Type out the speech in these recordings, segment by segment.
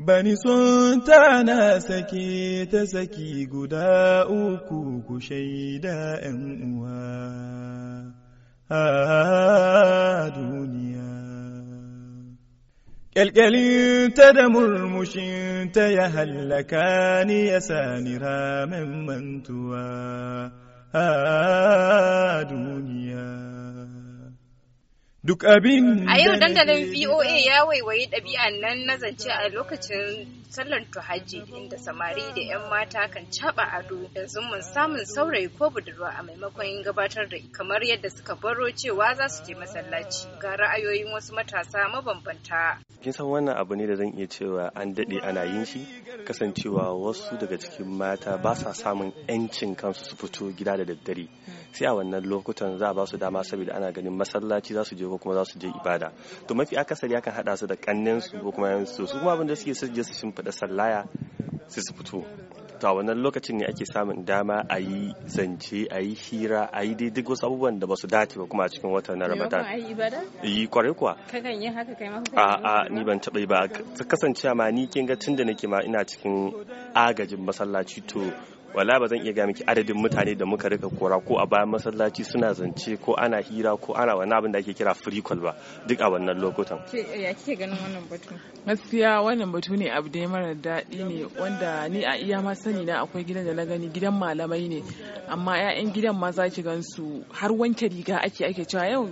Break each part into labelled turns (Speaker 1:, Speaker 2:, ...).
Speaker 1: Bani sun tana sake ta saki guda uku ku shaida ‘yan uwa a duniya. Ƙyalƙyalinta da murmushinta ya hallaka ni ya sani ramen mantuwa a duniya. duk abin a yau dandalin
Speaker 2: voa ya waiwayi ɗabi'a nan na zance a lokacin sallar Tuhaji, inda samari da 'yan mata kan caɓa ado da zumun samun saurayi ko budurwa a maimakon gabatar da kamar yadda suka baro cewa za su je masallaci ga ra'ayoyin wasu matasa mabambanta
Speaker 3: kin san wannan abu ne da zan iya cewa an daɗe ana yin shi kasancewa wasu daga cikin mata ba sa samun 'yancin kansu su fito gida da daddare sai a wannan lokutan za a ba su dama saboda ana ganin masallaci za su je kuma za su je ibada to mafi akasari akan hada su da kannen su ko kuma su su kuma abin da suke su je su sallaya su su fito to a wannan lokacin ne ake samun dama a yi zance a yi hira a yi dai duk wasu abubuwan da ba su dace ba kuma a cikin watan na ramadan yi kwarai kuwa
Speaker 2: kakan yi haka kai ma a a ni
Speaker 3: ban taɓa yi ba kasancewa ma ni kin ga tun da nake ma ina cikin agajin masallaci to wala ba zan iya ga miki adadin mutane da muka rika kora ko a bayan masallaci suna zance ko ana hira ko ana wani abin da ake kira free call ba duk a wannan lokutan
Speaker 4: eh, ya kike ganin wannan batu gaskiya wannan batu ne abu da mara daɗi ne wanda ni a iya ma sani na akwai gidan da na gani gidan malamai ne amma 'ya'yan gidan ma za ki gan su har wanke riga ake ake cewa yau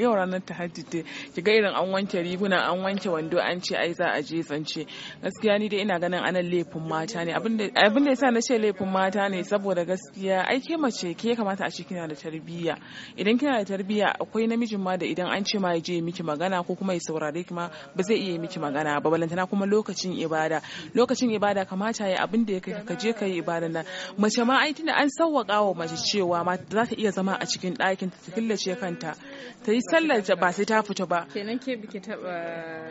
Speaker 4: yau ranar ta tahajjud ki ga irin an wanke riguna an wanke wando an ce ai za a je zance gaskiya ni dai ina ganin anan laifin mata ne abin da yasa na ce laifin mata ne saboda gaskiya ai ke mace ke kamata a ce kina da tarbiyya idan kina da tarbiyya akwai namijin ma da idan an ce ma ya je miki magana ko kuma ya saurare ki ma ba zai iya miki magana ba balantana kuma lokacin ibada lokacin ibada kamata ya abin da ya kai ka je ka yi ibada na mace ma ai tunda an sawwaka wa mace cewa ma za ta iya zama a cikin ɗakin ta killace kanta ta sallar ta ba sai ta fita ba
Speaker 2: kenan ke biki taba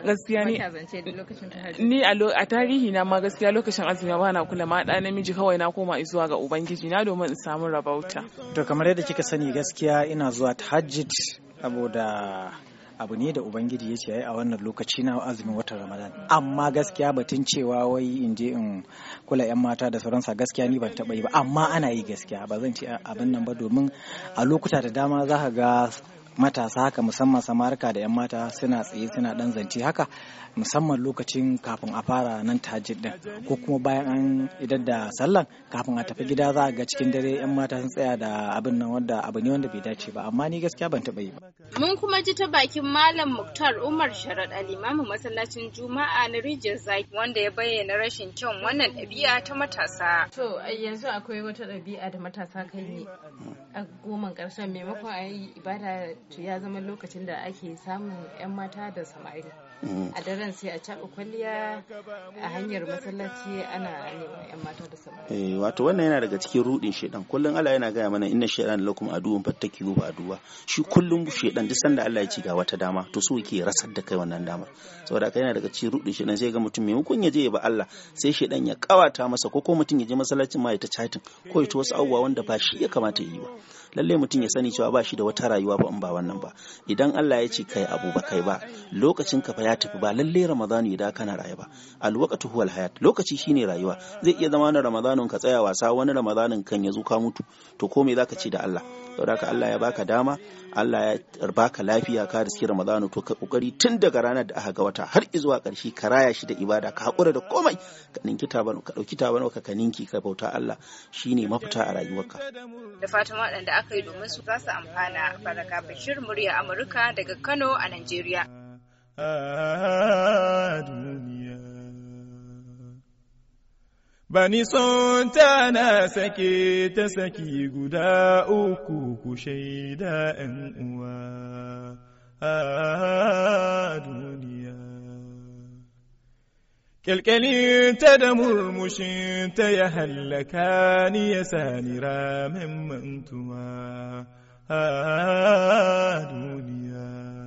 Speaker 2: gaskiya ne ni
Speaker 4: a tarihi na ma gaskiya lokacin azumi ba na kula ma da namiji kawai na koma zuwa ga ubangiji na domin in samu rabauta
Speaker 5: to kamar yadda kika sani gaskiya ina zuwa tahajjud saboda abu ne da ubangiji ya ce a wannan lokaci na azumin watan ramadan amma gaskiya batun cewa wai in je in kula yan mata da sauransa gaskiya ni ban taba yi ba amma ana yi gaskiya ba zan ci abin nan ba domin a lokuta da dama za ka ga matasa haka musamman samarika da 'yan mata suna tsaye suna dan zance haka musamman lokacin kafin a fara nan tajir din ko kuma bayan an idar da sallan kafin a tafi gida za a ga cikin dare 'yan mata sun tsaya da abin nan wanda abu ne wanda bai dace ba amma ni gaskiya ban taɓa yi ba.
Speaker 2: mun kuma ji ta bakin malam muktar umar sharad alimamu masallacin juma'a na rijiyar zaki wanda ya bayyana rashin kyan wannan ɗabi'a ta matasa. to yanzu akwai wata ɗabi'a da matasa kan yi a goman ƙarshen maimakon a yi ibada to ya zama lokacin da ake samun 'yan mata da samari a daren sai a caɓa kwalliya a hanyar masallaci ana neman yan mata da samari
Speaker 6: eh, wato wannan yana daga cikin rudin shedan kullum Allah yana gaya mana inna shaytan lakum aduwwun fattaki ba aduwa shi kullum shedan duk sanda Allah ya ci ga wata dama to su yake rasar da kai wannan damar saboda haka yana daga cikin rudin shedan sai ga mutum maimakon ya je ya ba Allah sai shedan ya kawata masa ko ko mutum ya je masallacin ma ya ta chatting ko ya wasu abubuwa wanda ba shi ya kamata yi ba lallai mutum ya sani cewa ba shi da wata rayuwa ba in ba wannan ba idan Allah ya ce kai abu ba kai ba lokacin ka fa ya tafi ba lalle ramadanu idan kana rayuwa ba alwaqtu huwal hayat lokaci shine rayuwa zai iya zama na ramadanun ka tsaya wasa wani ramadanun kan ya zo ka mutu to ko me zaka ce da Allah saboda ka Allah ya baka dama Allah ya baka lafiya ka riski ramadanu to ka kokari tun daga ranar da aka ga wata har zuwa karshe ka raya shi da ibada ka hakura da komai ka ninki tabanu ka dauki ka ka ninki ka bauta Allah shine mafita a rayuwarka
Speaker 2: da fatan waɗanda aka yi domin su za su amfana baraka bashir murya amurka daga kano a nigeria.
Speaker 1: duniya bani son ta na sake ta saki guda uku ku shaida ‘yan uwa a duniya ta da murmushinta ya hallaka ni ya sani ramin mantuwa a duniya